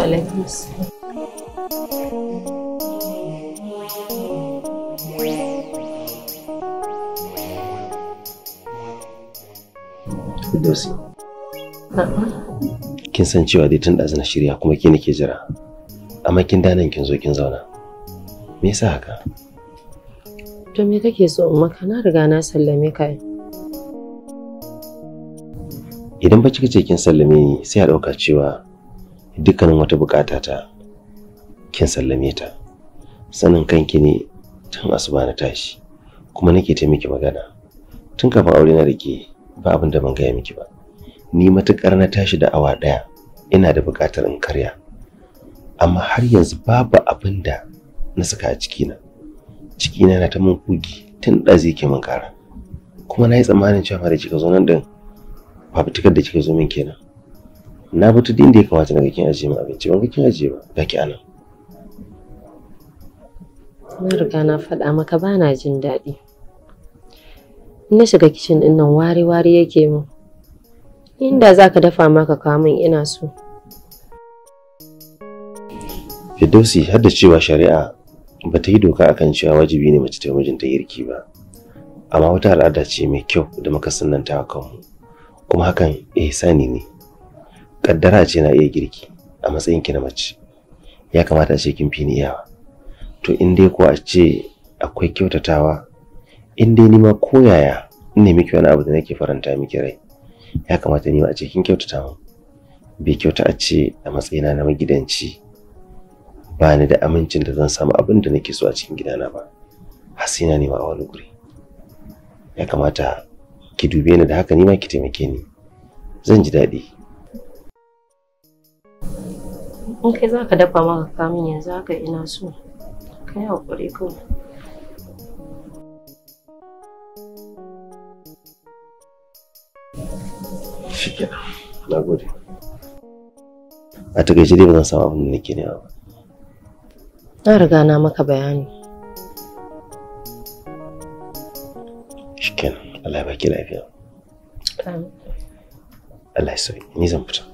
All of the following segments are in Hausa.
alaikum Firdausi. Kin san cewa dai tun ɗazu na shirya kuma ke nake jira. Amma kin danan kin zo kin zauna. Me yasa haka? To me kake so in maka na riga na sallame ka. Idan ba kika ce kin sallame ni sai a ɗauka cewa dukkanin wata bukata ta kin sallame ta sanin kanki ne tun asuba na tashi kuma nake ta miki magana tun kafin aure na rike ba abin da ban gaya miki ba ni matukar na tashi da awa daya ina da bukatar in karya amma har yanzu babu abin da na saka a cikina cikina na ta min kugi tun da zai ke min kara kuma na yi tsammanin cewa da kika zo nan din tukar da kika zo min kenan na fito din da ya kamata na kin ajiye ma abinci ban kin ajiye ba ba ki ana na riga na faɗa maka ba na jin daɗi na shiga kicin ɗin nan wari-wari yake mu inda za ka dafa maka kawo min ina so Fidosi har da cewa shari'a ba ta yi doka akan cewa wajibi ne mace ta yi mijinta yirki ba amma wata al'ada ce mai kyau da muka sananta kanmu kuma hakan eh, sani ne kaddara ce na iya girki a matsayin ki na mace ya kamata a ce kin fi ni iyawa to in dai ko a ce akwai kyautatawa in dai nima ko yaya in ne miki wani abu da nake faranta miki rai ya kamata nima a ce kin kyautata mu bai kyauta a ce a matsayina na magidanci ba ni da amincin da zan samu abin da nake so a cikin gidana ba hasina ne ma a wani guri ya kamata ki dube ni da haka nima ki taimake ni zan ji daɗi in kai za ka dafa maka kamin yanzu haka ina so kai haƙuri kawai shikenan na gode a takaice dai ba zan samu abin da nake nema ba na riga na maka bayani shikenan Allah ya baki lafiya Allah ya sauya ni zan fita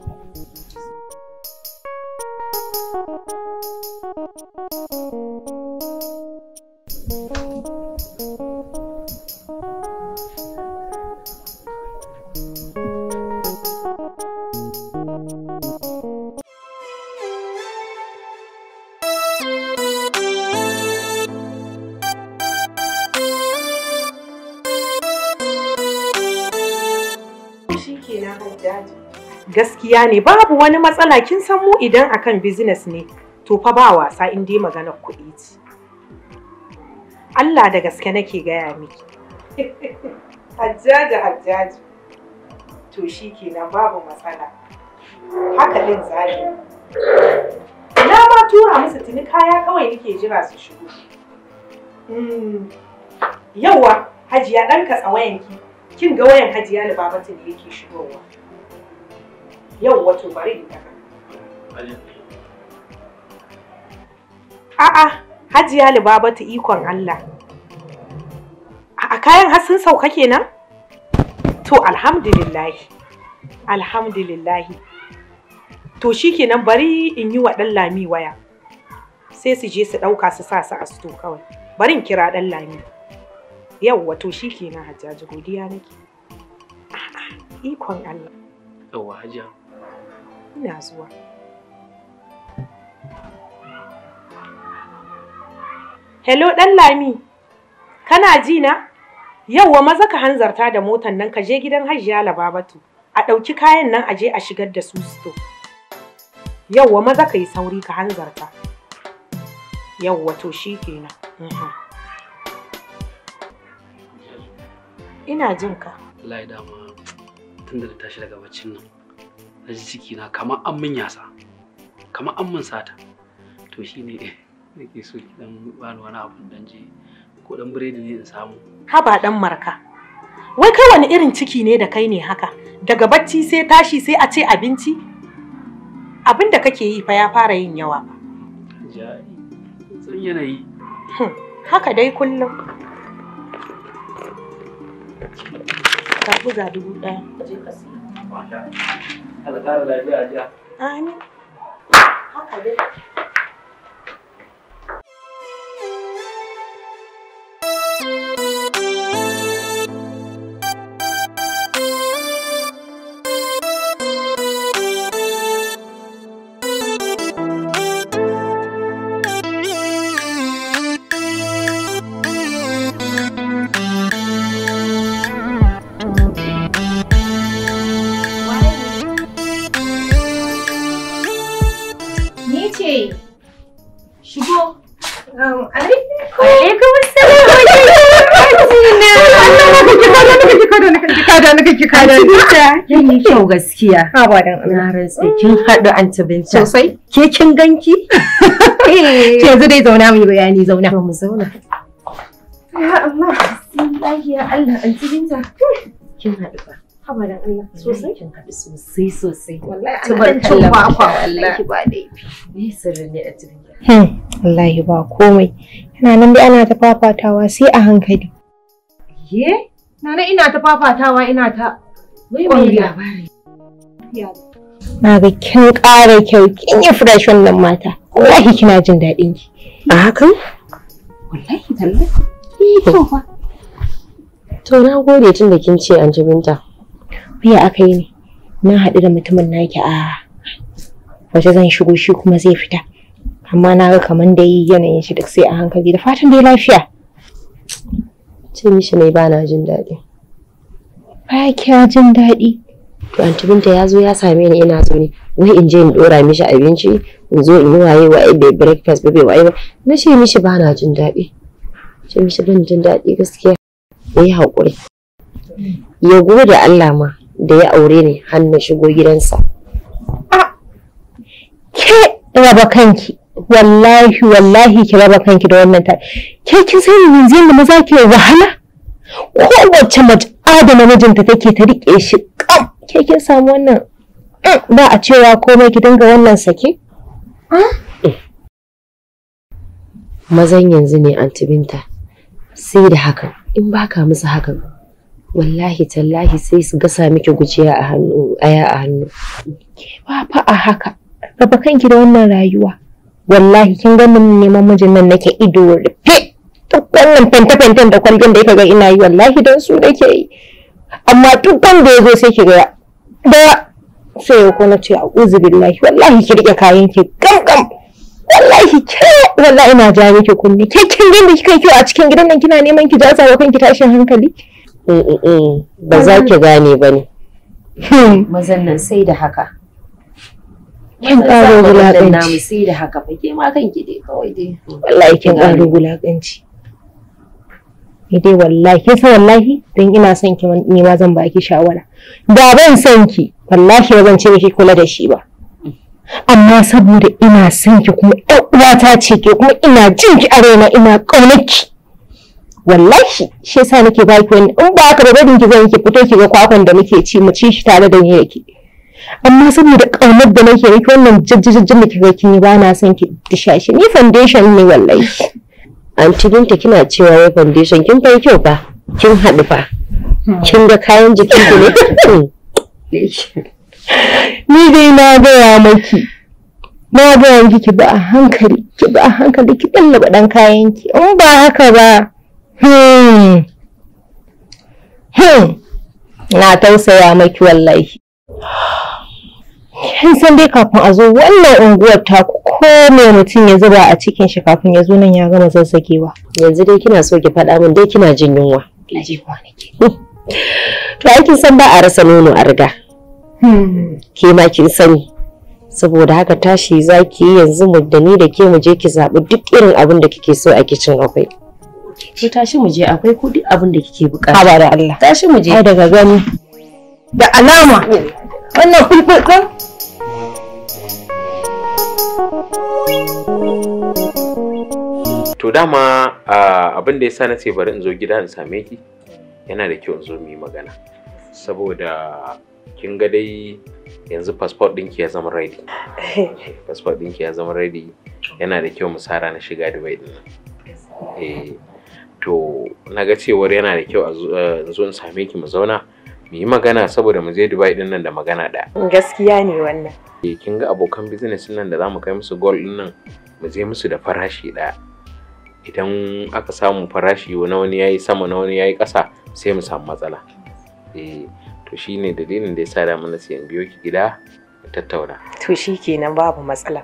verdade Gaskiya ne babu wani matsala kin san mu idan akan business ne to fa ba wasa in dai maganar kuɗi ce. Allah da gaske nake gaya miki. Hajjaji hajjaji. To shi kenan babu matsala. Haka ɗin zaɓi. Na ma tura musu tuni kaya kawai nake jira su shigo. Hmm. Yauwa, hajiya ɗan tsawayenki Kin ga wayan hajiya da ne yake shigowa. yau wato bari in taka a'a hajiya ta ikon Allah a kayan har sun sauka kenan to alhamdulillahi alhamdulillahi to shikenan bari in yi wa ɗan lami waya sai su je su ɗauka su sa su a sto kawai bari in kira ɗan lami yawwa to shikenan hajjaji godiya nake ikon Allah yawwa hajiya ina zuwa hello ɗan lami kana ji na yauwa maza ka hanzarta da motan nan ka je gidan hajiya lababatu a ɗauki kayan nan a je a shigar da su Yau yauwa maza ka yi sauri ka hanzarta yauwa to shi kenan mhm. ina jin ka. dama tun da tashi daga baccin nan na ji ciki na kamar an mun yasa kamar an mun sata to shine nake so dan bani wani abu dan je ko dan biredi ne in samu haba dan marka wai kai wani irin ciki ne da kai ne haka daga bacci sai tashi sai a ce abinci abin da kake yi fa ya fara yin yawa ja tsan yanayi hm, haka dai kullum ka buga dubu ɗaya je ka siya Allah ƙara lafiya a jiya. Amin. Haka dai. Anti Binta. Kin yi kyau gaskiya. Ha dan Allah. Na rantsi kin haɗu Anti Binta. Sosai. Ke kin ganki? Eh. yanzu dai zauna mu bayani zauna. Mu zauna. Ya Allah, bismillahi ya Allah Anti Binta. Kin haɗu ba. Eh, sosai. an cin kwakwa sirrin ne hmm, Wallahi ba komai. Yana nan dai ana ta fafatawa sai a hankali. Ye? Nana ina ta fafatawa ina ta Na ga kin ƙara kyau kin yi fresh wannan mata. Wallahi kina jin daɗin ki. A hakan? Wallahi talla fa. To na gode tun da kin ce an ji binta. Biya aka yi ne. Na haɗu da mutumin naki a waje zan shigo shi kuma zai fita. Amma na ga kamar da yi yanayin shi duk sai a hankali da fatan dai lafiya. Ce mishi ne ba na jin daɗi. Ba kya jin daɗi. To anti binta ya zo ya same ni ina zo ne wai in je in dora mishi abinci in zo in yi waye waye bai breakfast ba bai waye ba na ce mishi ba na jin daɗi. Ce mishi ban jin daɗi gaskiya ya yi haƙuri. Ya gode Allah ma da ya aure ni har na shigo gidansa. Ke raba kanki. wallahi wallahi ki raba kanki da wannan ta ke kin sani yanzu yadda maza ke wahala kowace mace adana mijinta take ta rike shi kam ke kin samu wannan mm, ba a cewa komai ki dinga wannan sake mazan yanzu ne anti binta sai da hakan in baka musu hakan wallahi tallahi sai su gasa miki gujiya a hannu aya a hannu ke ba fa a haka raba kanki da wannan rayuwa wallahi kin ga mun neman mijin nan nake ido rufe wannan fente-fenten da kwalgen da ya ga ina yi wallahi don su da ke yi amma duk wanda ya zo sai ki gaya. da sai ya kuma ce a uzu billahi wallahi ki rike kayan ki gamgam wallahi ke wallahi ina ja miki kunni ke kin ganda kika kyau a cikin gidan nan kina neman ki jasa wa ki tashin hankali ba za ki gane ba ne hmm. mazan nan sai da haka kin karo wulakanci sai da haka fa ke ma kanki dai kawai dai wallahi kin karo wulakanci ni dai wallahi kin san wallahi dan ina son ki ni ma zan baki shawara da ban son ki wallahi ba zan ce miki kula da shi ba amma saboda ina son ki kuma ƴan uwata ce ke kuma ina jin ki a raina ina ƙaunar ki wallahi shi yasa nake baki wani in ba ka da barin ki zan ki fito ki ga kwakwan da muke ci mu ci shi tare da ni yake amma saboda ƙaunar da nake yi, wannan jajjajjajjin da kika kin ba na son ki dishashi ni foundation ne wallahi an cikinta kina cewa ya foundation kin kai kyau fa kin haɗu fa kin ga kayan jikin ki ne ni dai na gaya maki na gaya miki ki ba a hankali ki ba a hankali ki ɗallaba ɗan kayan ki in ba haka ba hmm, hmm, na tausaya maki wallahi kin san dai kafin a zo wannan unguwar ta ko me mutum ya zuba a cikin shi kafin ya zo nan ya gama zazzagewa yanzu dai kina so ki faɗa min dai kina jin yunwa na je hmm. to ai kin san ba a rasa nono a riga hmm. ke ma kin sani saboda haka tashi zaki yanzu mu da ni da ke mu je ki zaɓi duk irin abin da kike so a kicin akwai Ko tashi mu je akwai ko duk abin da kike bukata ba da Allah tashi mu je ai daga gani da alama wannan kulkul to dama abin da ya sa na ce bari in zo gida in same ki yana da kyau in zo mu yi magana saboda kin ga dai yanzu passport ɗinki ya zama ready passport ɗinki ya zama ready yana da kyau mu na shiga Dubai din eh to na ga cewar yana da kyau a zo eh, in same ki mu zauna mu yi magana saboda mu je Dubai din da magana ɗaya. Gaskiya ne wannan. Eh kin ga abokan business nan da zamu kai musu goal din nan mu je musu da farashi ɗaya. Idan aka samu farashi na wani yayi sama na wani yayi ƙasa sai mu samu matsala. Eh to shine dalilin da yasa da mana siyan biyo ki gida mu tattauna. To shikenan babu matsala.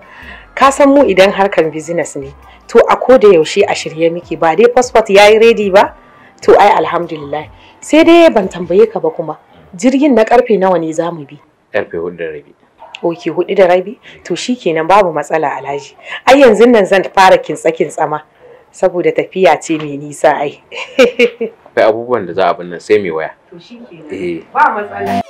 Ka san mu idan harkan business ne to a koda yaushe a shirye miki, ba dai passport yayi ready ba to ai alhamdulillah sai dai ban tambaye ka ba kuma jirgin na karfe nawa ne za mu bi karfe hudu da rabi ok hudu da rabi to kenan babu matsala alhaji ai yanzu nan zan fara kintsa tsama saboda tafiya ce mai nisa ai akwai abubuwan da za a nan sai mai waya to shikenan eh. ba matsala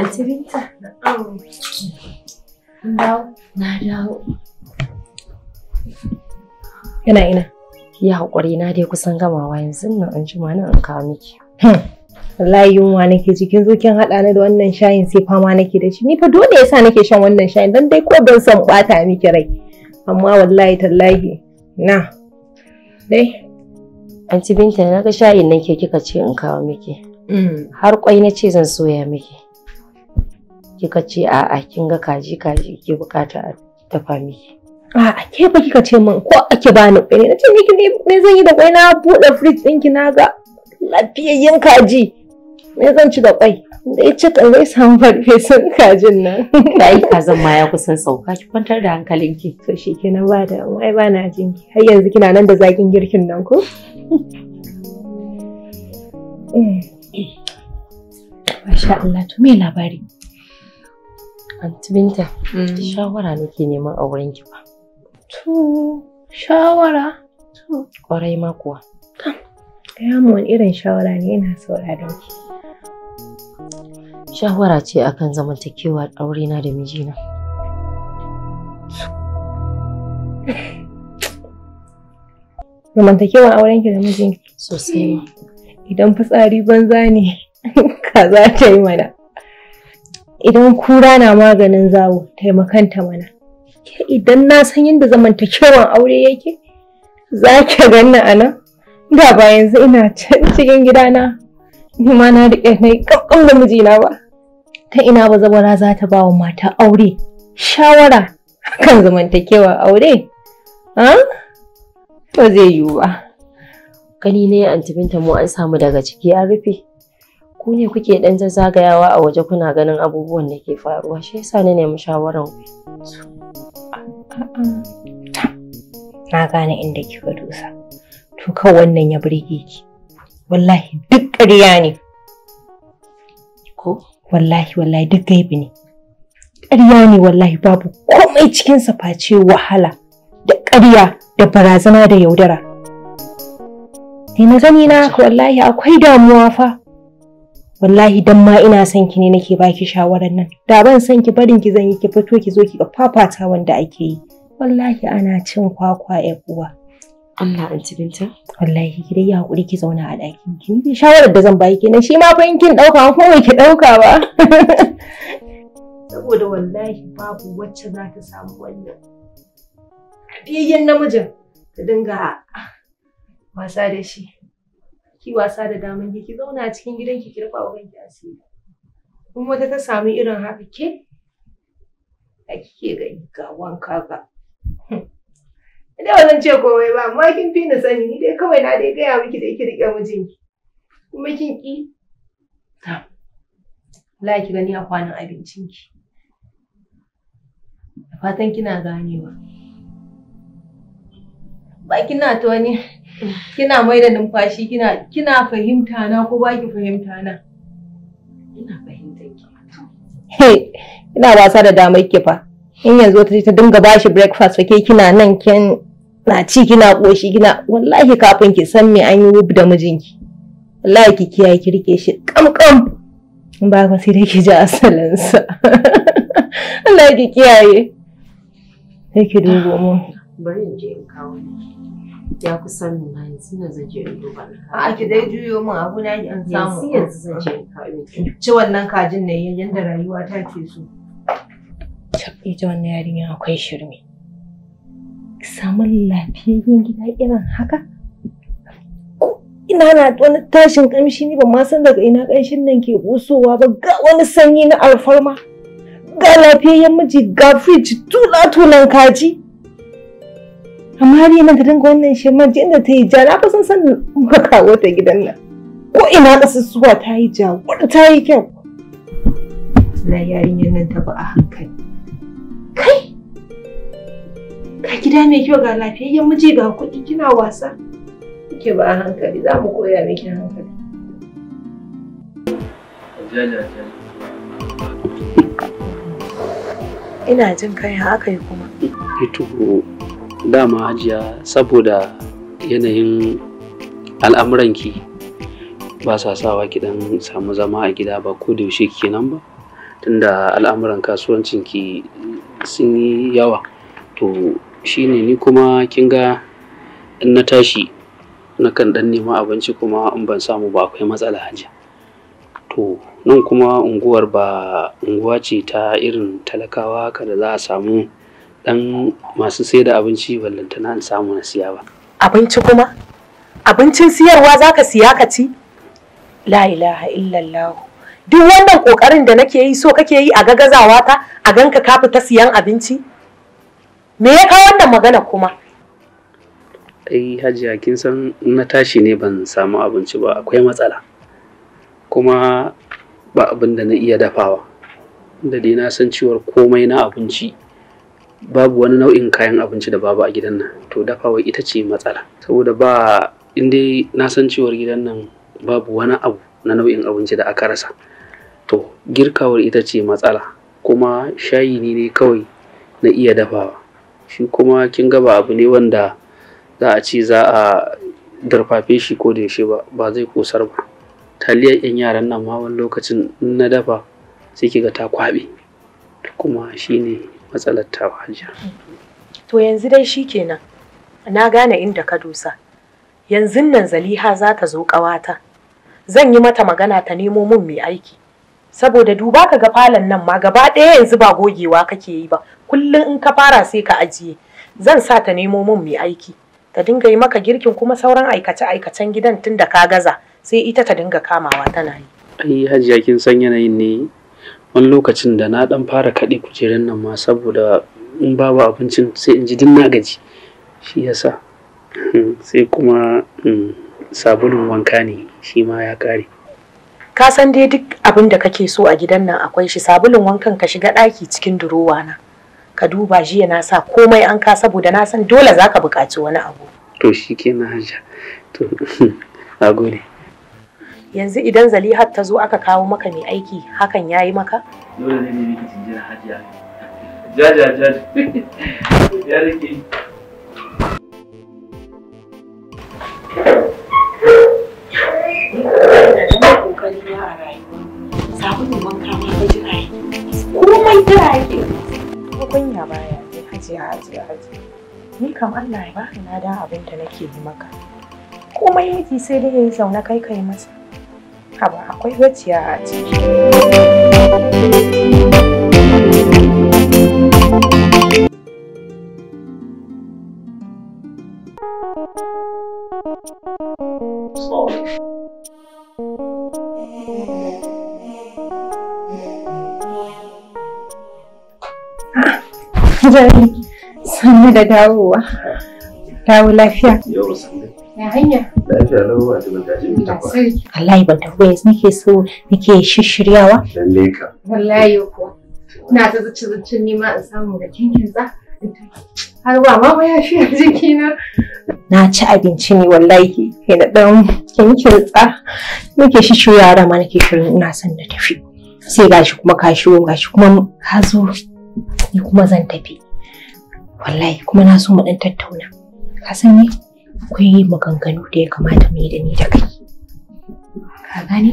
Anti Binta. Oh. Kun Na dawo. Yana ina. Ya haƙuri na dai kusan gamawa yanzu nan an jima nan an kawo miki. Hmm. Wallahi yunwa nake ji kin zo kin haɗa ni da wannan shayin sai fama nake da shi. Ni fa dole yasa nake shan wannan shayin dan dai ko ban san ɓata miki rai. Amma wallahi tallahi na. Dai. Anti Binta na ga shayin nake kika ce in kawo miki. Hmm. Har kwai na ce zan soya miki. kika ce a'a kin ga kaji kaji ke bukata a dafa miki a'a ke ba kika ce min ko ake bani kwai na ce miki me zan yi da kwai na buɗe fridge ki na ga lafiyayyen kaji me zan ci da kwai da ya ce kan zai samu sun kajin nan da yi kazan ma ya kusan sauka ki kwantar da hankalinki to shi nan ba da ba na jinki har yanzu kina nan da zakin girkin nan ko Masha Allah, to me labari? Anti Binta, mm. shawara nake neman a wurin ki fa. To, shawara? To, kwarai ma kuwa. Ya mu wani irin shawara ne ina sauraron ki. Shawara ce akan zamantakewa aure na da mijina. Zamantakewa auren ki da mijinki? Sosai. Idan fitsari banza ne, kaza ta yi mana. idan kura na maganin zawo taimakanta mana ke idan na san yadda zamantakewan aure yake za ki ganna a nan da ba yanzu ina can cikin gidana ni ma na riƙe na yi da mijina ba ta ina ba zabara za ta ba wa mata aure shawara kan zamantakewar aure ba zai yiwu ba gani ne anti mu an samu daga ciki ya rufe ku ne kuke dan zazzagayawa a waje kuna ganin abubuwan da ke faruwa shi yasa ne nemi shawaran ku na gane inda kika dosa to kawai wannan ya burge ki wallahi duk ƙarya ne ko wallahi wallahi duk gaibi ne ƙarya ne wallahi babu komai cikinsa face wahala da ƙarya da barazana da yaudara. Ni na gani na wallahi akwai damuwa fa wallahi dan ma ina son ki ne nake baki shawarar nan da ban son ki barin ki zan yi ki fito ki zo ki ga fafata wanda ake yi wallahi ana cin kwakwa ya uwa Allah anti binta wallahi ki dai ya hakuri ki zauna a dakin ki shawarar da zan baki kenan shi ma fa in kin dauka ko ki dauka ba saboda wallahi babu wacce za ta samu wannan fiyayyen namijin ta dinga wasa da shi ki wasa da daman ki ki zauna a cikin gidan ki ki rufa wa kanki asiri in wata ta samu irin haka ke a kike gani ga wanka ga idan wannan ce komai ba amma kin fi ni sani ni dai kawai na dai gaya miki da yake rike mijinki kuma kin ki la ki gani a kwanan abincinki fatan kina ganewa ba kina ta wani Kina mai da numfashi kina kina fahimta na ko ba ki fahimta na? Ina fahimtar ki. He, ina wasa da damar ki fa. In yanzu ta ta dinga bashi breakfast fa ke kina nan kin na ci kina koshi kina wallahi kafin ki san me an yi wub da mijinki. Wallahi ki kiyaye ki rike shi kamkam. In ba ka sai dai ki ji sa wallahi ki kiyaye. Sai ki dubo mu. Bari in je in kawo ya kusan nuna yanzu nan zan je in duba na A'a ki dai juyo min abu na an samu. Yanzu yanzu zan je in Ci wannan kajin ne yadda rayuwa ta ke so. Ita wannan yarinya akwai shirme. Samun lafiyayyen gida irin haka? Ina na wani tashin kamshi ni ban ma san daga ina kanshin nan ke busowa ba ga wani sanyi na alfarma. Ga lafiyayyen miji ga fridge tula-tulan kaji. amma har yana da dinga wannan shirman jin da ta yi ja na kusan san muka kawo ta gidan nan ko ina kasussuwa ta yi ja wadda ta yi kyau na yarinyar nan ta ba a hankali kai ka gida mai kyau ga lafiyayyen miji ga kuɗi kina wasa kike ba a hankali za mu koya miki hankali ina jin kai haka yi kuma ito dama hajiya saboda yanayin al'amuranki ba sa sawa ki dan samu zama a gida ba ko da yaushe kenan ba tunda al'amuran kasuwancinki sun yi yawa to shine ni kuma kin ga in na tashi kan dan nema abinci kuma in ban samu ba akwai matsala hajiya to nan kuma unguwar ba unguwa ce ta irin talakawa haka da za a samu dan masu sai da abinci wallantana an samu na siya ba abinci kuma abincin siyarwa zaka siya ka ci la ilaha illallah duk wannan kokarin da nake yi so kake yi a gagazawa ta a ganka ka fita siyan abinci me ya kawo wannan magana kuma ai hajiya kin san na tashi ne ban samu abinci ba akwai matsala kuma ba abin da na iya dafawa da dai na san ciwar komai na abinci babu wani nau'in kayan abinci da babu a gidan nan to dafawa ita ce matsala saboda ba in dai na san cewar gidan nan babu wani abu na nau'in abinci da aka rasa to girkawar ita ce matsala kuma shayi ne ne kawai na iya dafawa shi kuma kin gaba abu ne wanda za a ce za a darfafe shi ko da yaushe ba ba zai kosar ba taliyar yan yaran nan ma wani lokacin na dafa sai ki ga ta kwabe kuma shine matsalar ta hajiya. To yanzu dai shi kenan, Na gane inda ka dosa. Yanzu nan Zaliha za ta zo ƙawata. Zan yi mata magana ta nemo mun mai aiki. Saboda duba ka ga falon nan ma gaba ɗaya yanzu ba gogewa kake yi ba. Kullum in ka fara sai ka ajiye. Zan sa ta nemo mun mai aiki. Ta dinga yi maka girkin kuma sauran aikace-aikacen gidan tun da ka gaza. Sai ita ta dinga kamawa tana yi. Ai hajiya kin san yanayin ne wani lokacin da na ɗan fara kaɗe kujerun nan ma saboda in babu abincin sai in ji din na gaji shi yasa sai kuma mm, sabulun wanka ne shi ma ya kare ka san dai duk abin da kake so a gidan nan akwai shi sabulun wankan ka shiga ɗaki cikin durowa na ka duba jiya na sa komai an ka saboda na san dole za ka buƙaci wani abu to shi na hajja to na gode yanzu idan zalihat ta zo aka kawo maka mai aiki hakan ya yi maka? dole ne ne miki jinjira hajiya jaja jaja ya rike sabulun wanka ma ta jira yi komai jira yake ko kunya baya ne hajiya hajiya hajiya ni kam Allah ya baka na dan abin da nake yi maka komai yake sai dai yayi zaune kai kai masa ba akwai gaciya a ciki ah, Sannu da dawowa, dawo lafiya. Yau sannu. Wallahi ban tafi yanzu nake so nake shishiryawa. Lalle ka. Wallahi ko. Ina ta zuci zuci ni ma in samu da kinkin za. Har ba ma ba ya shi jikina. Na ci abinci ne wallahi ke na dan kinkin tsa. Nake shishiryawa da ma nake shirin ina son na tafi. Sai gashi kuma ka shigo gashi kuma ka zo ni kuma zan tafi. Wallahi kuma na so mu ɗan tattauna. Ka san ni? akwai maganganu da ya kamata mu yi da ni da kai ka gane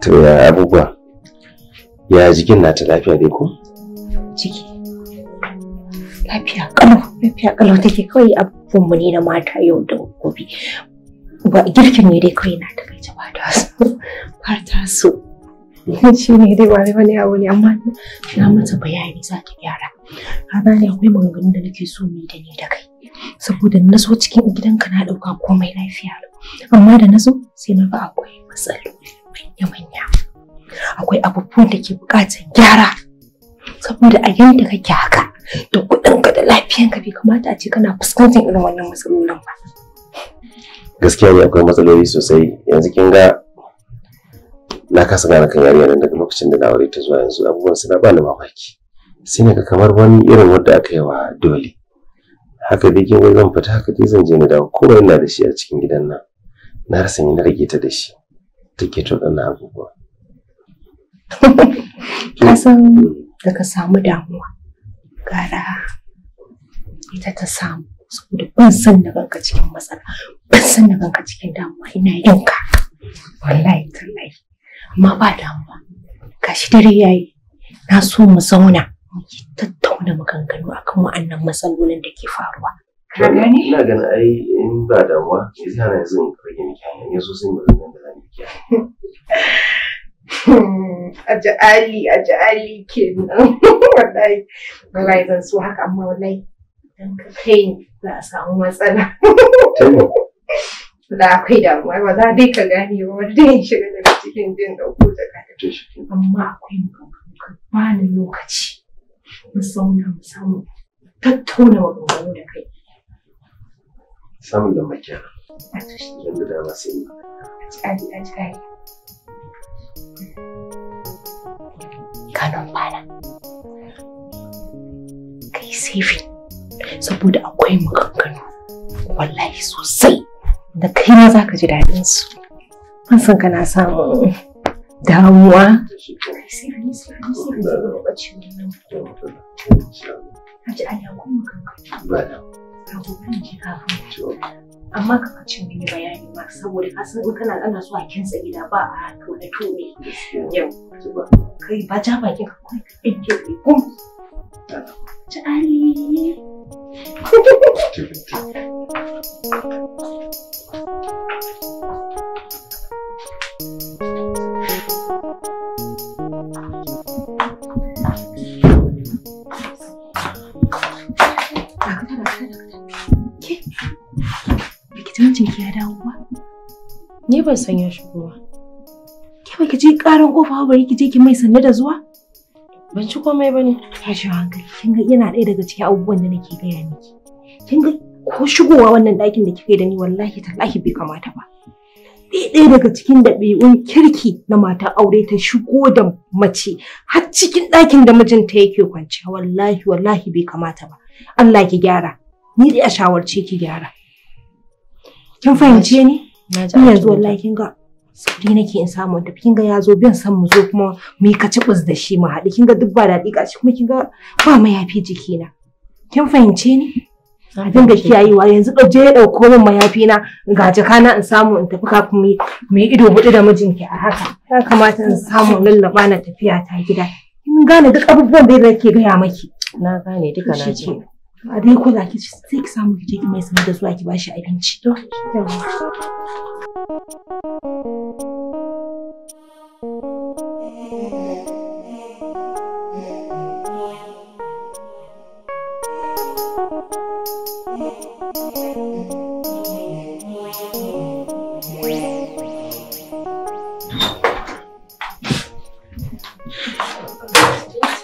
to ya abubuwa ya jikin na ta lafiya dai ko ciki lafiya kalau lafiya kalau take kawai abubuwan mu ne na mata yau da gobe ba girkin ne dai kawai na ta kai ba ta so ba ta so shi ne dai wani wani abu ne amma na mata bayani za ta gyara rana ne akwai maganganu da nake so mu da ni da kai saboda na so cikin gidanka na ɗauka komai lafiya amma da na so, sai na ga akwai matsaloli manya-manya akwai abubuwan da ke buƙatar gyara saboda a yanda kake haka da kuɗinka da lafiyanka bai kamata a ce kana fuskantar irin wannan matsalolin ba gaskiya ne akwai matsaloli sosai yanzu kin ga na kasa gane kan yariya nan daga lokacin da na aure ta zuwa yanzu abubuwan suna ba ni mamaki sai ka kamar wani irin wanda aka yi wa dole haka dai kin zan fita haka dai zan je na dawo kowa ina da shi a cikin gidan nan na rasa ni na rage ta da shi take to dana abubuwa ka san mm. da ka samu damuwa gara ita ta samu saboda ban san da kanka cikin matsala ban san da kanka cikin damuwa ina yin ka wallahi tallahi amma ba damuwa gashi dare yayi na so mu zauna mu tattauna maganganu akan wa'annan matsalolin da ke faruwa ina ganin ai in ba damuwa me zai hana yanzu in rage miki hanya yanzu so sai mu rage da zamu miki aji ali aji ali kenan wallahi wallahi zan so haka amma wallahi dan ka kai za a samu matsala da akwai damuwa ba za dai ka gane ba wanda ya shiga daga cikin jin dauko da kakato shi amma akwai maganganu ba ni lokaci mu sauna mu samu tattauna maganganu da kai samun da makiya a tushe da dama sai a a ji a ji kanon bana kai sefi saboda akwai maganganu wallahi sosai da kai ma za ka ji daɗin su an san kana samun damuwa amma ka faci mun bayani ba saboda ka san in kana ana so a kinsa gida ba a to da to ne yau kai ba ja bakin ka kai ka ɗinke ɗin kum ali Ni ban san ya shigo ba. Ke ba ki ji ƙaran ƙofa ba bari ki je ki mai sanne da zuwa? Ban ci komai ba ne. hankali. Kin ga yana ɗaya daga cikin abubuwan da nake gaya miki. Kin ga ko shigowa wannan ɗakin da kika yi da ni wallahi tallahi bai kamata ba. ɗaya daga cikin ɗabi'un kirki na mata aure ta shigo da mace har cikin ɗakin da mijinta yake kwanciya wallahi wallahi bai kamata ba Allah ki gyara ni dai a shawarce ki gyara kin fahimce ni ni yanzu wallahi kin ga sauri nake in samu tafi kin ga ya zo bin san mu zo kuma mu yi kacibus da shi mu haɗu kin ga duk ba daɗi ƙarshe kuma kin ga ba mayafi jikina kin fahimce ni a dinga kiyayewa yanzu je ya ɗauko min mayafi na ga na in samu in tafi kafin mu yi ido huɗu da mijinki a haka ya kamata in samu lallaba na tafiya ta gida kin gane duk abubuwan da yake gaya maki na gane duka na a dai ko za ki ci sai ki samu ki ki mai sanar da zuwa ki bashi abinci to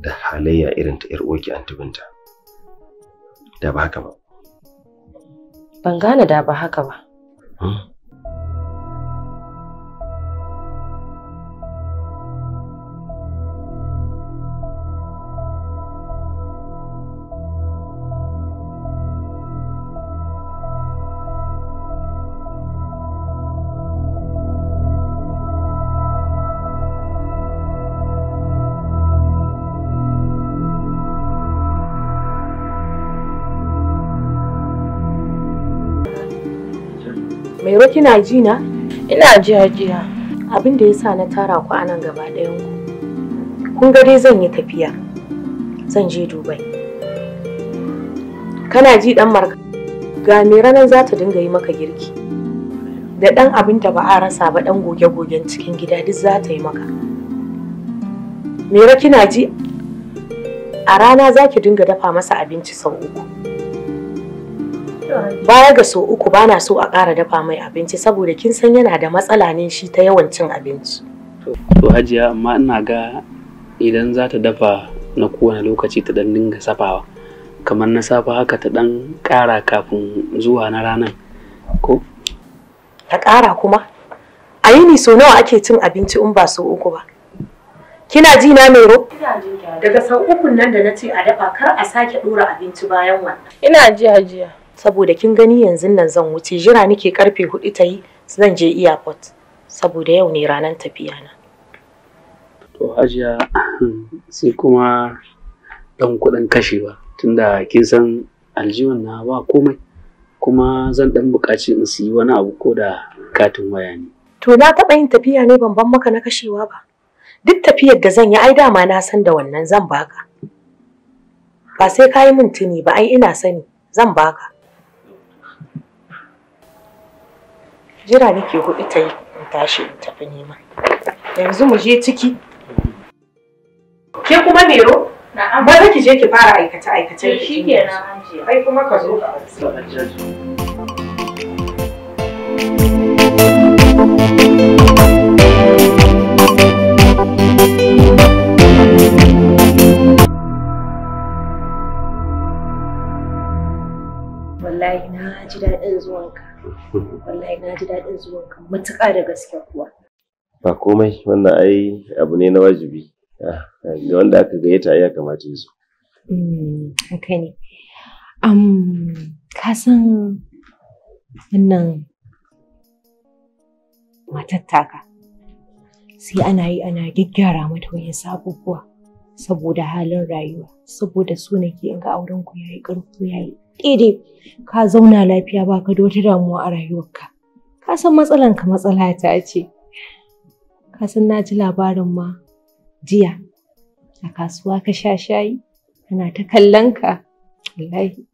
da halayya irin ta 'yar an tubinta da ba haka ba ban gane da ba haka ba hmm? Mairo kina ji na? Ina ji jiya. Abin da yasa na tara ku anan gaba ɗayan ku. Kun ga dai zan yi tafiya. Zan je Dubai. Kana ji dan marka? Ga me ranar za ta dinga yi maka girki. Da dan abin da ba a rasa ba ɗan goge-gogen cikin gida duk za ta yi maka. Mera kina ji? A rana za ki dinga dafa masa abinci sau uku. baya ga so uku bana so a ƙara dafa mai abinci saboda kin san yana da matsala ne shi ta yawan cin abinci to hajiya amma ina ga idan za ta dafa na kowane lokaci ta dan dinga safawa kamar na safa haka ta dan ƙara kafin zuwa na ranar ko ta ƙara kuma a ni so nawa ake cin abinci in ba so uku ba kina ji na mero daga sau ukun nan da na ce a dafa kar a sake dora abinci bayan wannan ina ji hajiya saboda kin gani yanzu nan zan wuce jira nake karfe hudu ta yi zan je airport saboda yau ne ranar tafiya na to hajiya sai kuma dan kuɗin kashewa tunda kin san aljiwan na ba komai kuma zan dan buƙaci in siyi wani abu ko da katin waya ne to na taɓa yin tafiya ne ban ban maka na kashewa ba duk tafiyar da zan yi ai dama na san da wannan zan baka ba sai ka yi min tuni ba ai ina sani zan baka jira nake hudu ta yi in tashi in tafi nema yanzu mu je ciki ke kuma mero ba za ki je ki fara aikace aikace eh, shi kenan ai kuma ka zo ka wallahi na ji daɗin zuwanka wallahi na ji daɗin zuwanka matuƙa da gaske kuwa ba komai wannan ai abu ne na wajibi ah, da wanda aka gayyata ya kamata yanzu. Mm, haka ne ka san wannan matattaka sai ana yi ana gyaggyara mata wayansu abubuwa saboda halin rayuwa saboda su nake in ga auren ku yayi ƙarfi yayi daidai ka zauna lafiya ba ka da wata damuwa a rayuwarka ka san matsalanka matsala ta ce ka san na ji labarin ma jiya a kasuwa ka sha shayi kana ta kallon ka wallahi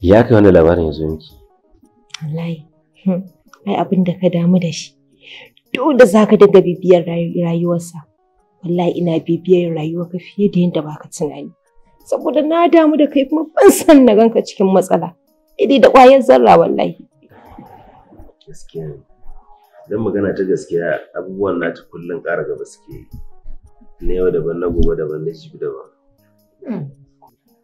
ya kai wani labarin yanzu miki wallahi hmm. ai abin da ka damu da shi duk da zaka dinga bibiyar rayuwarsa wallahi ina bibiyar rayuwarka fiye da yadda baka tunani saboda na damu da kai kuma ban san na ganka cikin matsala idi da ƙwayar zarra wallahi gaskiya don magana ta gaskiya abubuwan nata kullum ƙara gaba suke na yau daban na gobe daban na jibi daban hmm.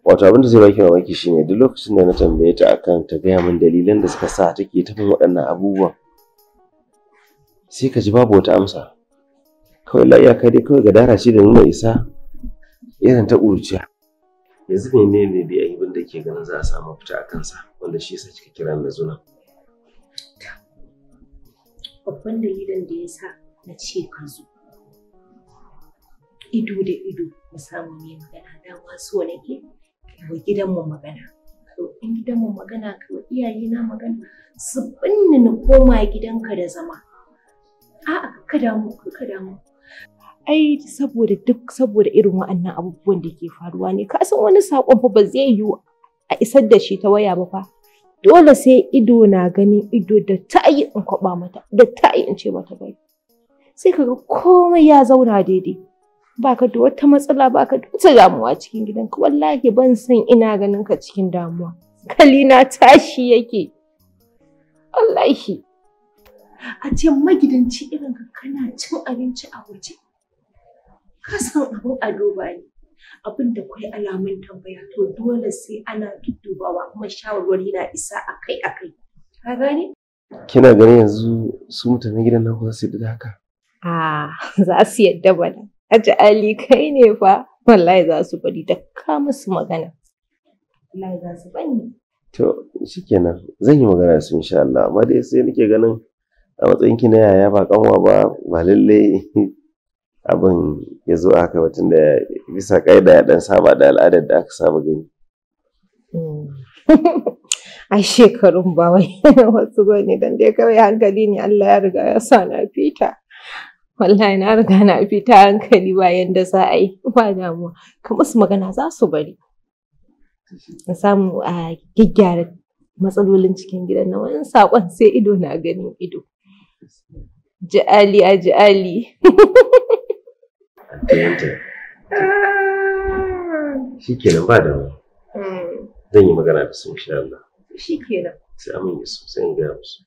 wato abin da zai baki mamaki shine duk lokacin da na tambaye ta akan ta gaya min dalilan da suka sa take ta bin waɗannan abubuwan sai ka ji babu wata amsa kawai la'iya kai dai kawai gadara ce da nuna isa irin ta ƙuruciya yanzu menene ne dai abin da ke ganin za a samu fita a kansa wanda shi yasa kika kira na zuna babban dalilin da ya sa na ce ka zo ido da ido mu samu ne magana da masu wani ke wa gidanmu magana in gidanmu magana kawai na magana su binne na koma gidanka da zama a'a ka damu ka damu ai saboda duk saboda irin wa'annan abubuwan da ke faruwa ne ka san wani saƙon fa ba zai yiwu a isar da shi ta waya ba fa dole sai ido na ganin ido da ta yi in kwaba mata da ta yi in ce mata bai sai kaga komai ya zauna daidai Ba ka da wata matsala baka da wata damuwa cikin gidanka wallahi ban san ina ganin ka cikin damuwa Kali na tashi yake wallahi a ce magidanci irin ka kana cin abinci a waje ka san abin a duba ne abin da kai alamun tambaya to dole sai ana duddubawa kuma shawarwari na isa akai akai ka gane kina ganin yanzu su mutanen gidan nan za su yadda haka a za su yadda bana aji ali kai ne fa wallahi za su bari da ka musu magana wallahi za su bani to shikenan zan yi magana su insha Allah amma dai sai nake ganin a matsayin ki na yaya ba kanwa ba ba lalle abin ya zo haka batun da bisa ƙa'ida ya ɗan saba da al'adar da aka saba gani. Mm. A shekarun ba wai wasu gwani don dai kawai hankali ne Allah ya riga ya sa na fita. Wallahi na riga na fita hankali bayan da za a yi ba damuwa. Kamar su magana za su bari. Na samu a gyaggyara matsalolin cikin gidan na wani saƙon sai ido na ganin ido. Ji'ali a ji'ali. antiyanta shi kenan ba da mu. zan yi magana da su insha Allah shi kenan sai amin ya so sai in gaya musu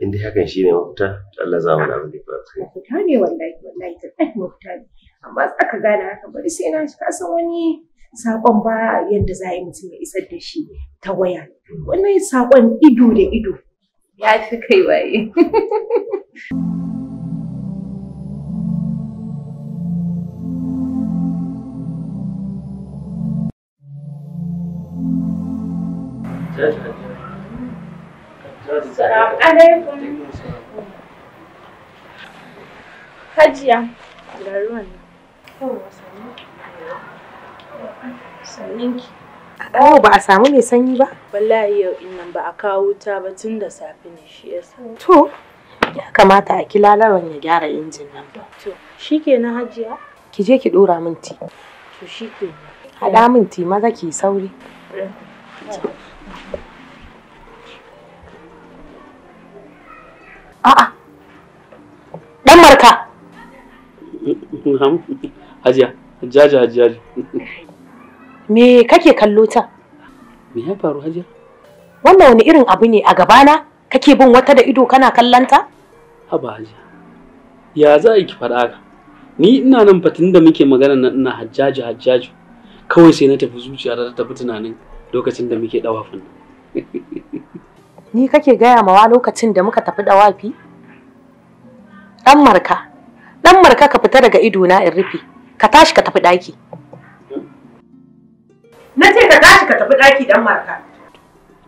in dai hakan shi ne mafita to Allah za mu na abin da ya faru mafita ne wallahi wallahi ta ɗan mafita ne amma aka gane haka bari sai na ka san wani saƙon ba yadda za a yi mutum ya isar da shi ta waya mm. wannan saƙon ido da ido ya fi kai waye Hajiya, ga ruwan nan. Oh, ba a samu mai sanyi ba? Wallahi yau in nan ba a kawo ta ba tun da safe ne shi ya yasa. To, ya kamata a kila lawan ya gyara injin nan ba. To, na Hajiya. Ki je ki ɗora min ti. To shikenan. Haɗa min ti maza ki sauri. A'a. ɗan marka. Hajiya, hajjaji. Me kake kallo ta? Me ya faru hajiya? Wannan wani irin abu ne a gabana kake bin wata da ido kana kallanta? Haba hajiya. Ya za a ki faɗa haka? Ni ina nan fatin da muke magana na, ina hajjaji hajjaji. Kawai sai na tafi zuciya da ta tafi tunanin lokacin da muke dawafin ni kake gaya mawa lokacin da muka tafi dawafi dan marka dan marka ka fita daga ido na in rufe ka tashi ka tafi daki na ce ka tashi ka tafi daki dan marka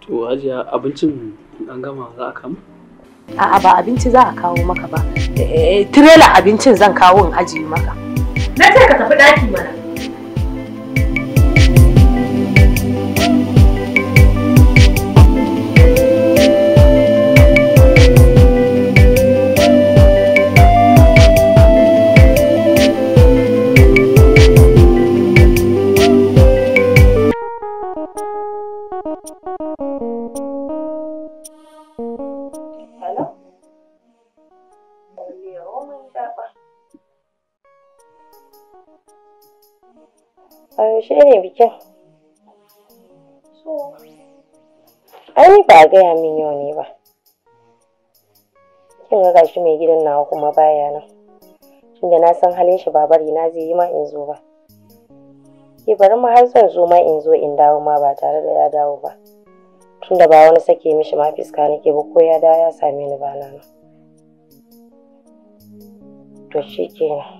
to hajiya abincin an gama za a kama a'a ba abinci za a kawo maka ba eh, eh, eh, tirela abincin zan kawo in ajiye maka na ce ka tafi daki mana yaushe ne bikin ai ni ba a gaya min yau ne ba kin ga gashi mai gidan nawa kuma baya nan tunda na san halin shi ba bari na zai yi ma in zo ba Ki bari mu har zan zo ma in zo in dawo ma ba tare da ya dawo ba tunda ba wani sake mishi ma fiska nake ba ko ya dawo ya same ni ba nan to kenan.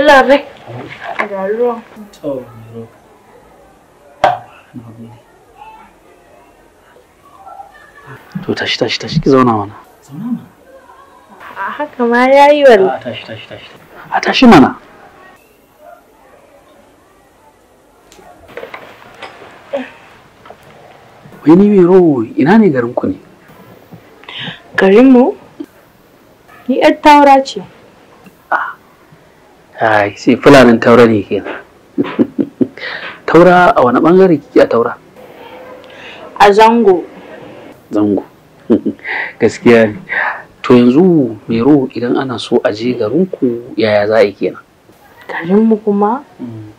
Yalla To, tashi tashi tashi ki zauna mana. Zauna mana. A haka ma yayi wani. A tashi tashi tashi. A tashi mana. Wai Miro ina ne garin ku ne? Ni 'yar taura ce. ai sai fulanin taura ne ke. taura a wani bangare kike a taura a zango zango gaskiya ne to yanzu mero idan ana so a je garinku yaya za a yi kenan garinmu kuma mm.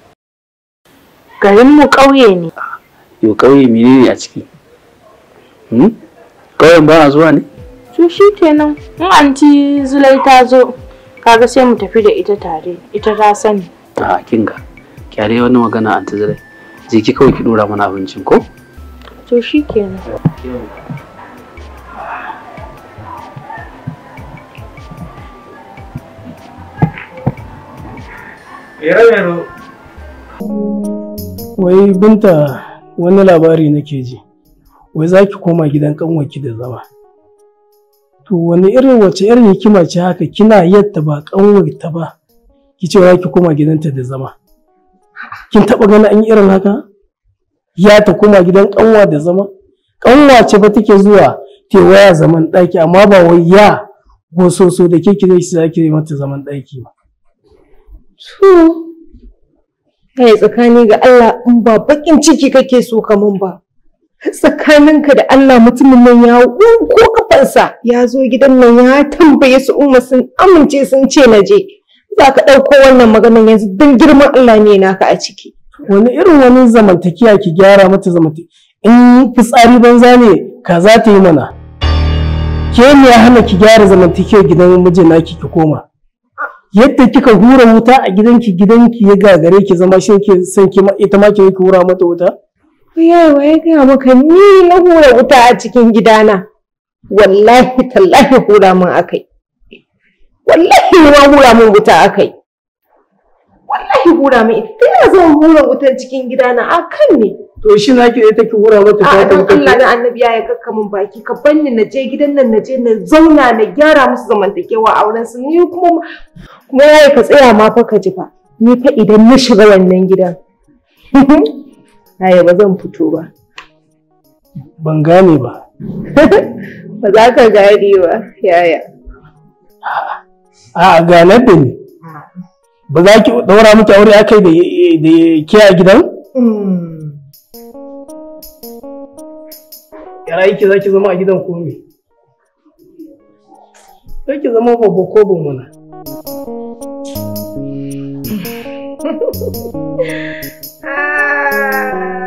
garinmu ƙauye ne ah, yau ƙauye ne a ciki hmm? ƙauyen ba a zuwa ne Su shi kenan in ci zulai ta zo kaga sai mu tafi da ita tare ita ta sani a kinga kyale wani magana anti zare je ki kawai ki dora mana abincin ko to shikenan eh, Wai binta wani labari nake ji, wai za ki koma gidan kanwarki da zama. to wani irin wace irin hikima ce haka kina yadda ba kanwarta ba ki ce ki koma gidanta da zama kin taba gani an yi irin haka ya ta koma gidan kanwa da zama kanwa ce ba take zuwa te waya zaman daki amma ba wai ya gososo da ke kire shi zaki mata zaman daki ba kai tsakani ga Allah in ba bakin ciki kake so kaman ba tsakaninka da Allah mutumin nan ya unko kansa ya zo gidan nan ya tambaye su umma sun amince sun ce na je za ka ɗauko wannan maganan yanzu don girman Allah ne naka a ciki. Wani irin wani zamantakiya ki gyara mata zamanta in fitsari banza ne ka za ta yi mana. Ke ne ya hana ki gyara zamantakiyar gidan mijin naki ki koma. Yadda kika hura wuta a gidanki gidanki ya gagare ki zama shi ke son ki ita ma ki hura mata wuta. Yawa ya gaya maka ni na hura wuta a cikin gidana. wallahi tallahi hura mun akai wallahi ma hura mun wuta akai wallahi hura mun ita ina zan hura wutan cikin gidana akan ne to shi na ki take hura mata ta ta Allah dan annabi ya kakka mun baki ka banni na je gidan nan na je na zauna na gyara musu zamantakewa auren su ni kuma kuma yayi ka tsaya ma fa ka ji fa ni fa idan na shiga wannan gidan Yaya ba zan fito ba. Ban gane ba. Ba za ka gane ba, yaya. A ga ne. Ba za ki daura miki aure a kai da ke a gidan? Yara yake za ki zama a gidan ko me? Za ki zama babba ko mana. Ah.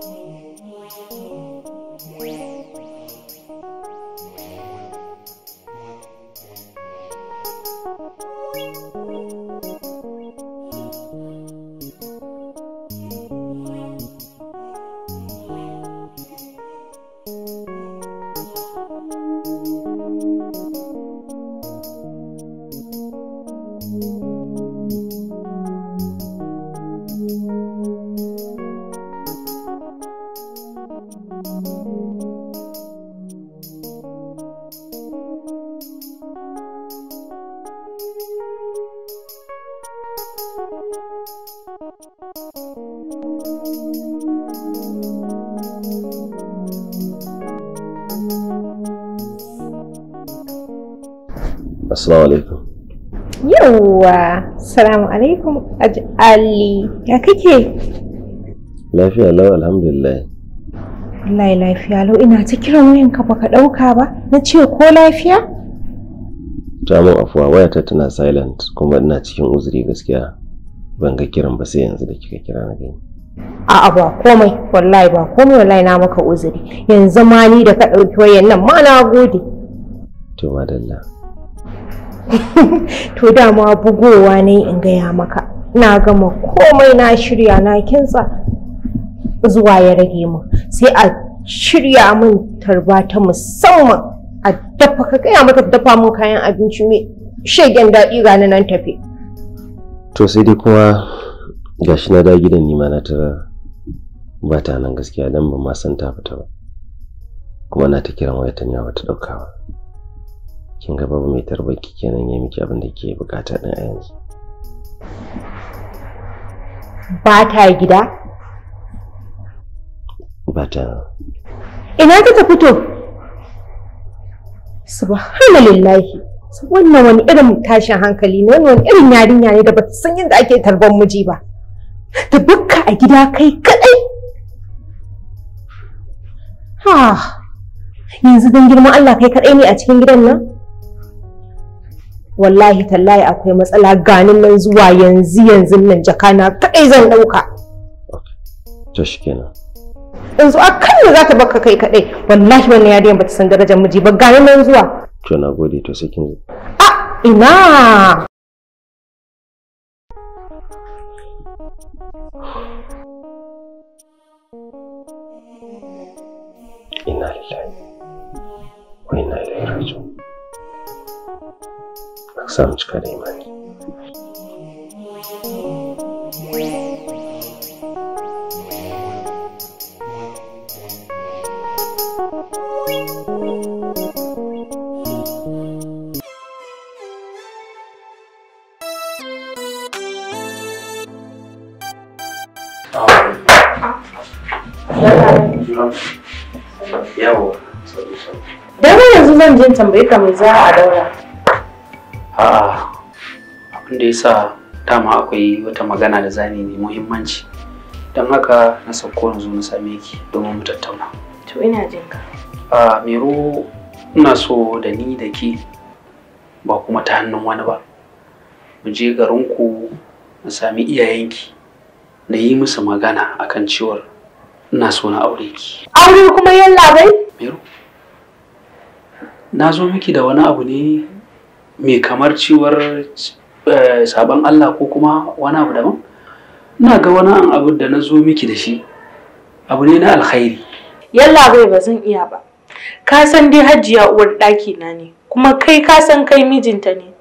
عليكم يو Yawwa, عليكم Ali, ya kake? Lafiya lau alhamdulillah. Wallahi lafiya lau ina ta kiran wayanka baka ɗauka ba, na ce ko lafiya? Ta mun afuwa wayata tana silent kuma ina cikin uzuri gaskiya ban ga kiran ba sai yanzu da kika kira na gani. A'a ba komai wallahi ba komai wallahi na maka uzuri yanzu ma ni da ka ɗauki wayannan. nan ma na gode. To madalla. to dama bugowa ne in gaya maka na gama komai na shirya na kinsa zuwa ya rage mu sai a shirya min tarba ta musamman a dafa ka gaya mata dafa mun kayan abinci mai shegen daɗi ga nan tafe to sai dai kuma gashi na da gidan nima na tara ba ta nan gaskiya don ba ma san ta fita ba kuma na ta kiran wayar ta ne ba ta ɗauka ba kin ga babu mai tarbarki kenan ya miki abin da ke bukata din a yanzu ba ta gida ba ta ina ka ta fito subhanallahi wannan wani irin tashin hankali ne wani irin yarinya ne da ba ta san yadda ake tarban miji ba ta bukka a gida kai kadai ha yanzu don girman Allah kai kadai ne a cikin gidan nan wallahi tallahi akwai matsala ganin nan zuwa yanzu yanzu nan jaka na kadai zan dauka to shikenan yanzu a kan da za ta baka kai kadai wallahi wannan ba bata san darajar miji ba ganin nan zuwa to na gode to sai kin a ina ina lillahi さんの力今に。Yawa, solution. Dama yanzu zan je tambayi ka me za a daura. abin da ya sa dama akwai wata magana da zani mai muhimmanci don haka na sauko yanzu na same ki domin mu tattauna to ina jin ka a mero ina so da ni da ke ba kuma ta hannun wani ba mu je garinku na sami iyayenki na yi musu magana akan ciwar ina so na aure ki aure kuma yalla mero na zo miki da wani abu ne mai kamar ciwar eh, sabon Allah ko kuma wani abu daban ina ga wani abu da na zo miki da shi abu ne na alkhairi yalla bai ba zan iya ba ka san dai hajiya uwar ɗaki na ne kuma kai ka san kai mijinta ne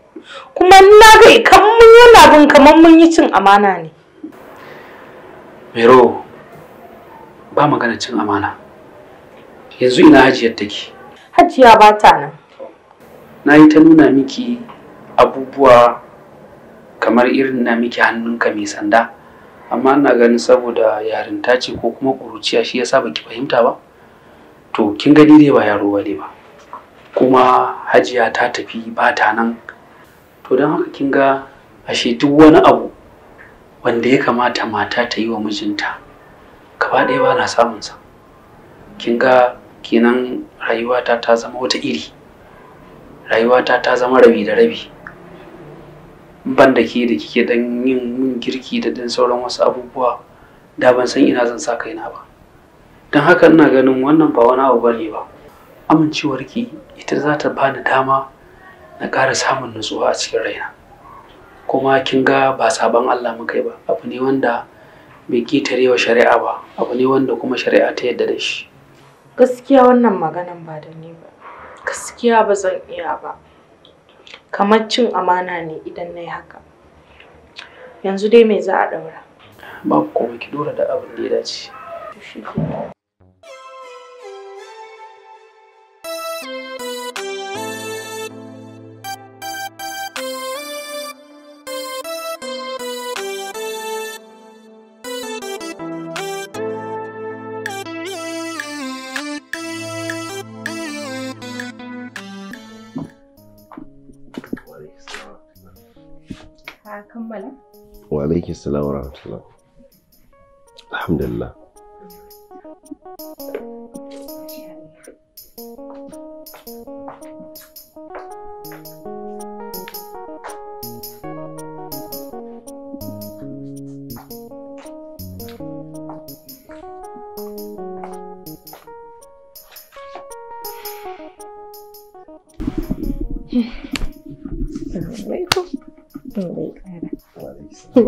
kuma na ga kan mun yana bin kamar mun yi cin amana ne mero ba magana cin amana yanzu ina hajiyar take hajiya ba ta nan na yi ta nuna miki abubuwa kamar irin na miki hannunka mai sanda amma ina ganin saboda yarinta ce ko kuma ƙuruciya shi yasa baki fahimta ba to kin gani dai ba yaro bane ba kuma hajiya ta tafi ba ta nan to don haka kin ga ashe duk wani abu wanda ya kamata mata ta yi wa mijinta gaba ɗaya ba na samunsa kin ga kenan rayuwata ta zama wata iri rayuwata ta zama rabi da rabi ban da ke da kike dan yin min girki da dan sauran wasu abubuwa da ban san ina zan sa kaina ba don haka ina ganin wannan ba wani abu bane ba Amincewar ki ita za ta bani dama na ƙara samun nutsuwa a cikin raina kuma kin ga ba sabon Allah mu kai ba abu ne wanda bai wa shari'a ba abu ne wanda kuma shari'a ta yarda da shi gaskiya wannan maganan ba da ni ba Gaskiya ba zan iya ba. Kamar cin amana ne idan na yi haka. Yanzu dai me za a daura? Ba ko ki ɗora da abin da ya dace. وعليك السلام ورحمة الله الحمد لله السلام عليكم السلام عليكم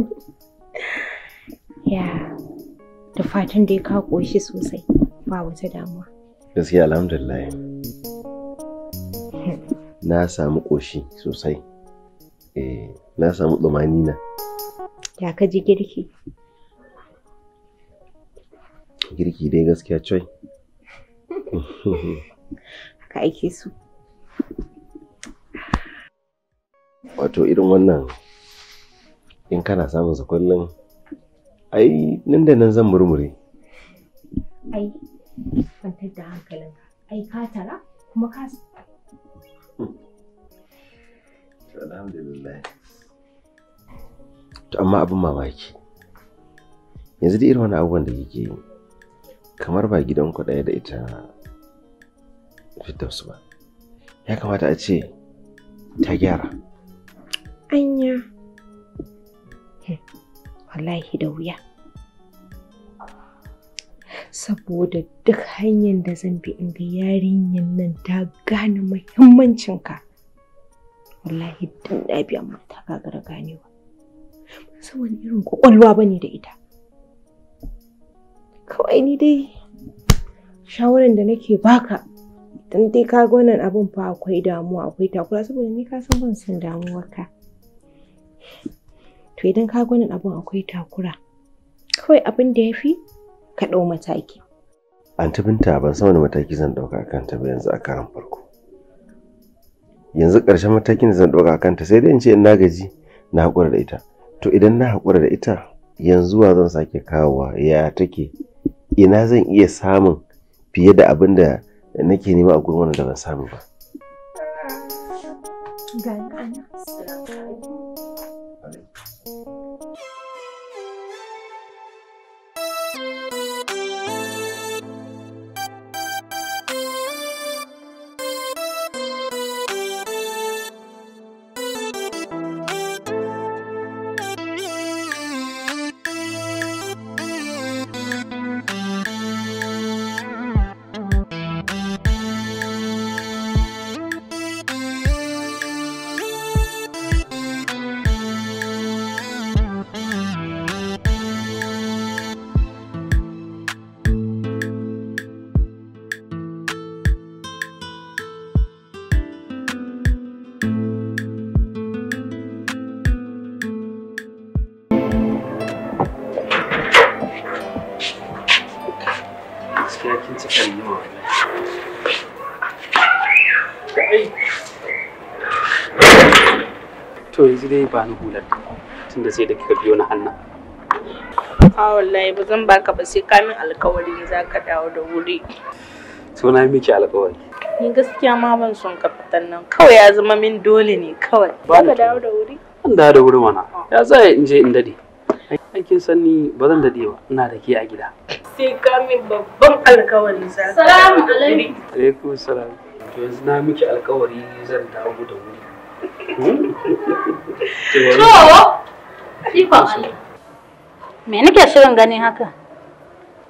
ya da fatan dai ka ƙoshi sosai ba wata damuwa gaskiya alhamdulillah na samu ƙoshi sosai eh, na samu ɗumani na ya ka ji girki girki dai gaskiya coy Ka ake su. wato irin wannan in kana samun sa kullum ai nan da nan zan murmure ai kwantar da hankalin ai ka tara kuma ka alhamdulillah to amma abin mamaki yanzu da irin wani abubuwan da kike yi kamar ba gidan ku ɗaya da ita fitar su ba ya kamata a ce ta gyara anya Hmm. wallahi da wuya saboda duk hanyar da zan bi in ga yarinyar nan ta gane muhimmancin ka wallahi dan na biya ta gagara ganewa saboda san wani irin kwakwalwa bane da ita kawai ni dai shawaran da nake baka dan dai ka wannan abin fa akwai damuwa akwai takura saboda ni ka san ban san damuwar ka to idan ka gwanin abin akwai takura kawai abin da ya fi ka ɗau mataki An binta ban san wani mataki zan ɗauka a kanta ba yanzu a karan farko yanzu ƙarshen matakin da zan ɗauka a kanta sai dai in ce in na gaji na haƙura da ita to idan na haƙura da ita yanzu wa zan sake kawowa ya take ina zan iya samun fiye da abin da nake nema a gurin wanda ban samu ba. da sai da kika biyo na hannu. a ah, wallahi ba zan baka ba sai kamin alkawari za ka dawo da wuri suna miki alkawari ni gaskiya ma ban son ka fitan nan kawai ya zama min dole ne kawai za ka dawo da wuri an dawo da wuri mana ah. ya za in je in dade aikin sanni ba zan dade ba ina da ke a gida sai kamin babban alkawari za ka salamu alaikum alaikum salam to yanzu na miki alkawari zan dawo da wuri hmm? Me nake shirin ganin haka?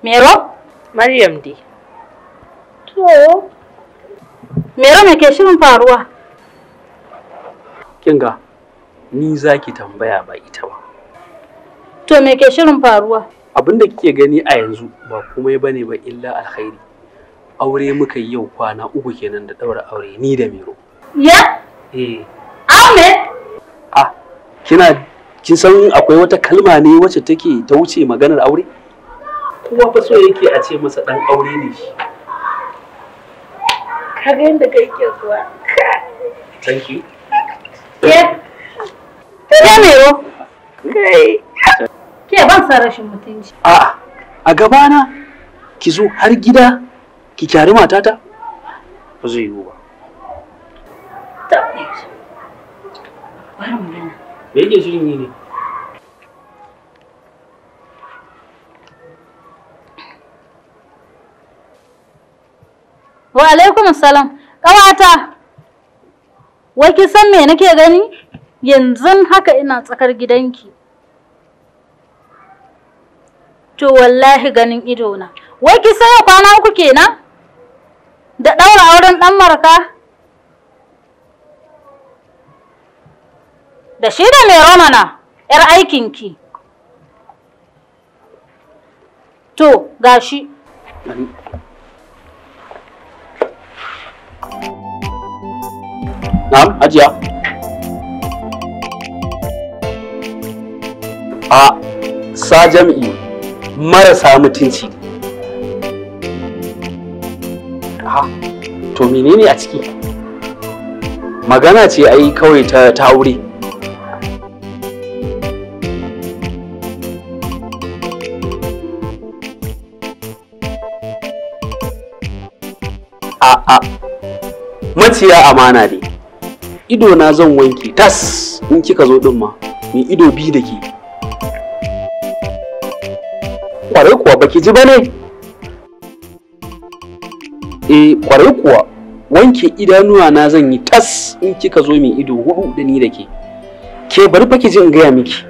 Mero? Maryam dai. To. Mero me ke shirin faruwa? Kinga, ni za ki tambaya ba ita ba. To me ke shirin faruwa? Abin da kike gani a yanzu ba komai bane ba illa alkhairi. Aure muka yi yau kwana uku kenan da ɗaura aure ni da Mero. Ya? Eh. Ahmed? Ah, kina kin san akwai wata kalma ne wacce take ta wuce maganar aure kuma fa so yake a ce masa dan aure ne shi kaga yadda kai ke zuwa thank you yeah ya me yo kai ke ban sa rashin mutunci a a gaba na ki zo har gida ki kyari matata ba zai yiwu ba ta Bari mu me wa alaikum salam ƙawata wai kin san me nake gani yanzu haka ina tsakar gidanki to wallahi ganin idona wai kin san kwana uku kenan da ɗaura auren ɗan marka da shi da mai romana yar aikinki to gashi na'am Ajiya. a sa jam'i marasa mutunci ha to menene a ciki magana ce ai kawai ta aure a'a maciya amana ne ido na zan wanke tas in kika zo din ma ni ido bi da ke kwarai kuwa baki ji bane eh kwarai kuwa wanke idanuwa na zan yi tas in kika zo mai ido hudu da ni da ke ke bari baki ji in gaya miki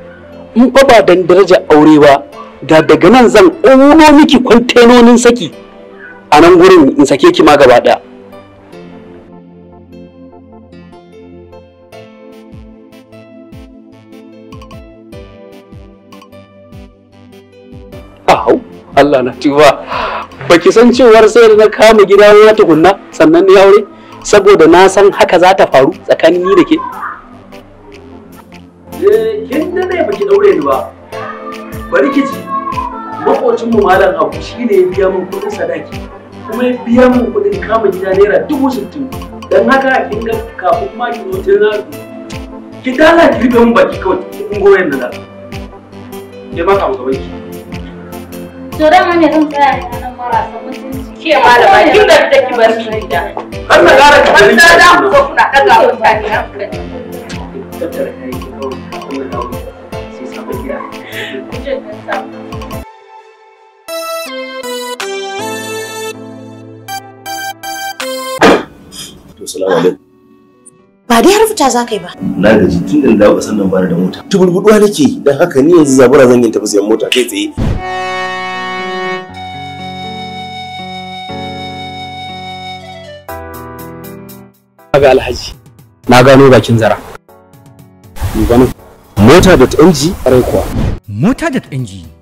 in fa ba dan daraja aure ba da daga nan zan auno miki kwantenonin saki a nan gurin in sake ki ma gaba ɗaya Allah na tuba ki san cewar sai da na kama gida ta tukunna sannan ni aure saboda na san haka za ta faru tsakanin ni da ke eh kin da ne baki daure ni ba bari ki makocin malam Abu shine ya biya min kudin sadaki kuma ya biya mu kuɗin kama gida naira dubu sittin don haka kin ga kafin ma ki zo na ki dala ki rufe mun baki kawai kun goyen nan ke ma kawo gaban ki to da ma me zan tsaya da nan marasa mutunci ke malama kin da fita ki bar ni gida har na gara ka bari ki da ku zo kuna daga mutane hankali tattara kai ki kawai kun dawo sai sabon gida to salamu alaikum ba dai har fita za ka yi ba na gaji tun da na dawo kasan nan ba da mota tubulbuduwa nake dan haka ni yanzu zabura zan yi tafi sayan mota kai tsaye ga alhaji na gano bakin zara gano mota.ng rai kuwa Mota da mota.ng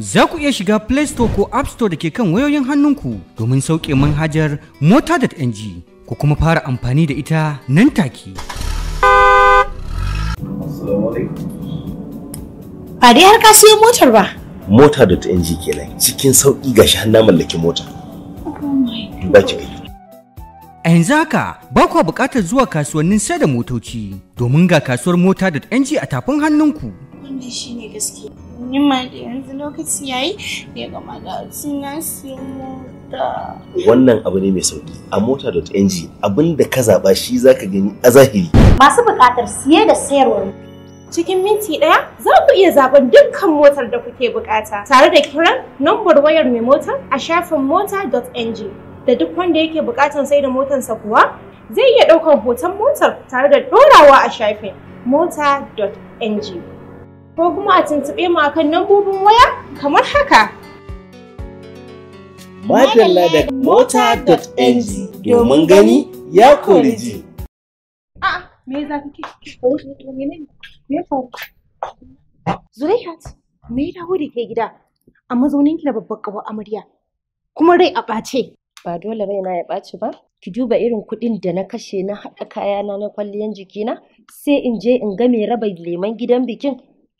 za ku iya shiga Play Store ko App Store da ke kan wayoyin hannunku domin sauƙe manhajar mota.ng ko kuma fara amfani da ita nan take. Ba dai har ka siyo motar ba. Mota.ng kenan cikin sauƙi ga har na mallaki mota. Duba ki A yanzu haka ba kwa buƙatar zuwa kasuwannin sai da motoci domin ga kasuwar mota.ng a tafin hannunku. Wannan shine gaskiya. yanzu lokaci yayi ya kamata mota. Wannan abu ne mai sauki a mota.ng abinda ka zaɓa shi za ka gani a zahiri. Masu buƙatar siye da sayarwar cikin minti ɗaya za ku iya zaɓen dukkan motar da kuke buƙata, tare da kiran nambar wayar mai motar a shafin mota.ng da duk wanda yake buƙatar sai da motarsa kuwa zai iya ɗaukar hoton motar tare da ɗorawa a shafin mota.ng. ko kuma a tuntuɓe mu akan lambobin waya kamar haka. Madalla da mota.ng domin gani ya kori ji. A'a, me za ka ke? Me faru? Zulaihat, me ya dawo da ke gida a mazauninki da babbar ƙawar amarya kuma rai a ɓace. Ba dole rai na ya ɓaci ba, ki duba irin kuɗin da na kashe na haɗa kayana na kwalliyan jikina sai in je in ga mai raba leman gidan bikin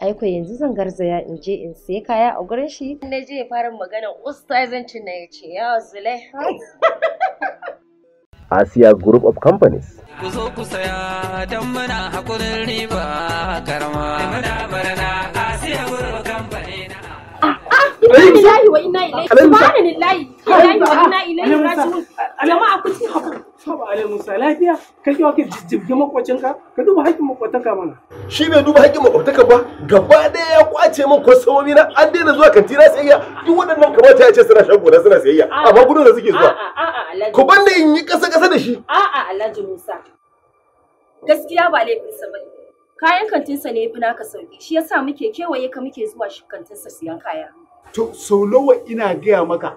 aiko yanzu zan garzaya in je in sai kaya a gurin shi na je fara magana ustazancin na ya ce ya zule Asia Group of Companies. Ku zo ku saya don muna hakurin riba karama. Muna barana Group of Companies. wa inna ilaihi subhanallahi inna wa inna ilaihi raji'un. Jama'a ku ci haƙuri. Saba alai Musa lafiya ka kiwa ka jijjibge makwacinka ka duba haƙƙin makwataka mana. Shi bai duba haƙƙin makwataka ba gaba ɗaya ya kwace min kwastomomi na an daina zuwa kantina sayayya duk waɗannan kamata ya ce suna shan gona suna sayayya amma gudun da suke zuwa. Ku ban da in yi ƙasa-ƙasa da shi. A'a Alhaji Musa gaskiya ba laifinsa ba kayan kantinsa ne ya fi naka sauki shi yasa muke kewaye ka muke zuwa shi kantinsa siyan kaya. To sau nawa ina gaya maka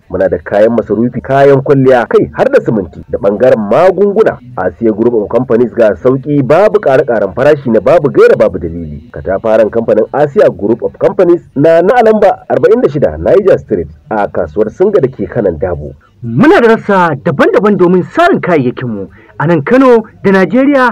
muna da kayan masarufi kayan kwalliya kai har da siminti da bangaren magunguna asiya group of companies ga sauki babu ƙara ƙaran farashi na babu gaira babu dalili katafaren kamfanin Asia group of companies na na alamba 46 niger street a kasuwar singa da ke kanan dabu. muna da rasa daban-daban domin sarin kayayyakinmu a nan kano da najeriya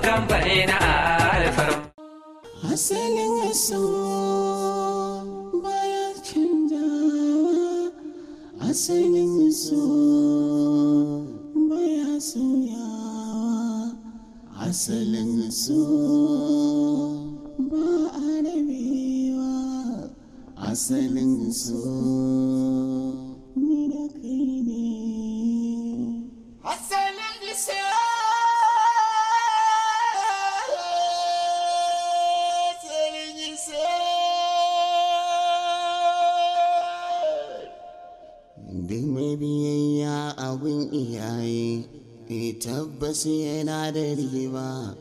kamfani na Asalin wasu baya canjawa, asalin wasu baya sauyawa, asalin wasu ba a rabewa, asalin wasu ni da kai ne. Asalin wasu biyayya a gun iyaye e tabbas yana da riba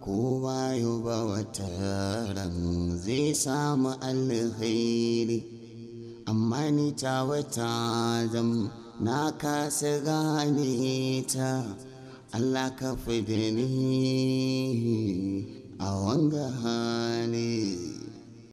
ko bayo ba wata ran zai samu alkhairi amma ni ta wata zam na kasa gane ta Allah ka fi da ni a wanga hali.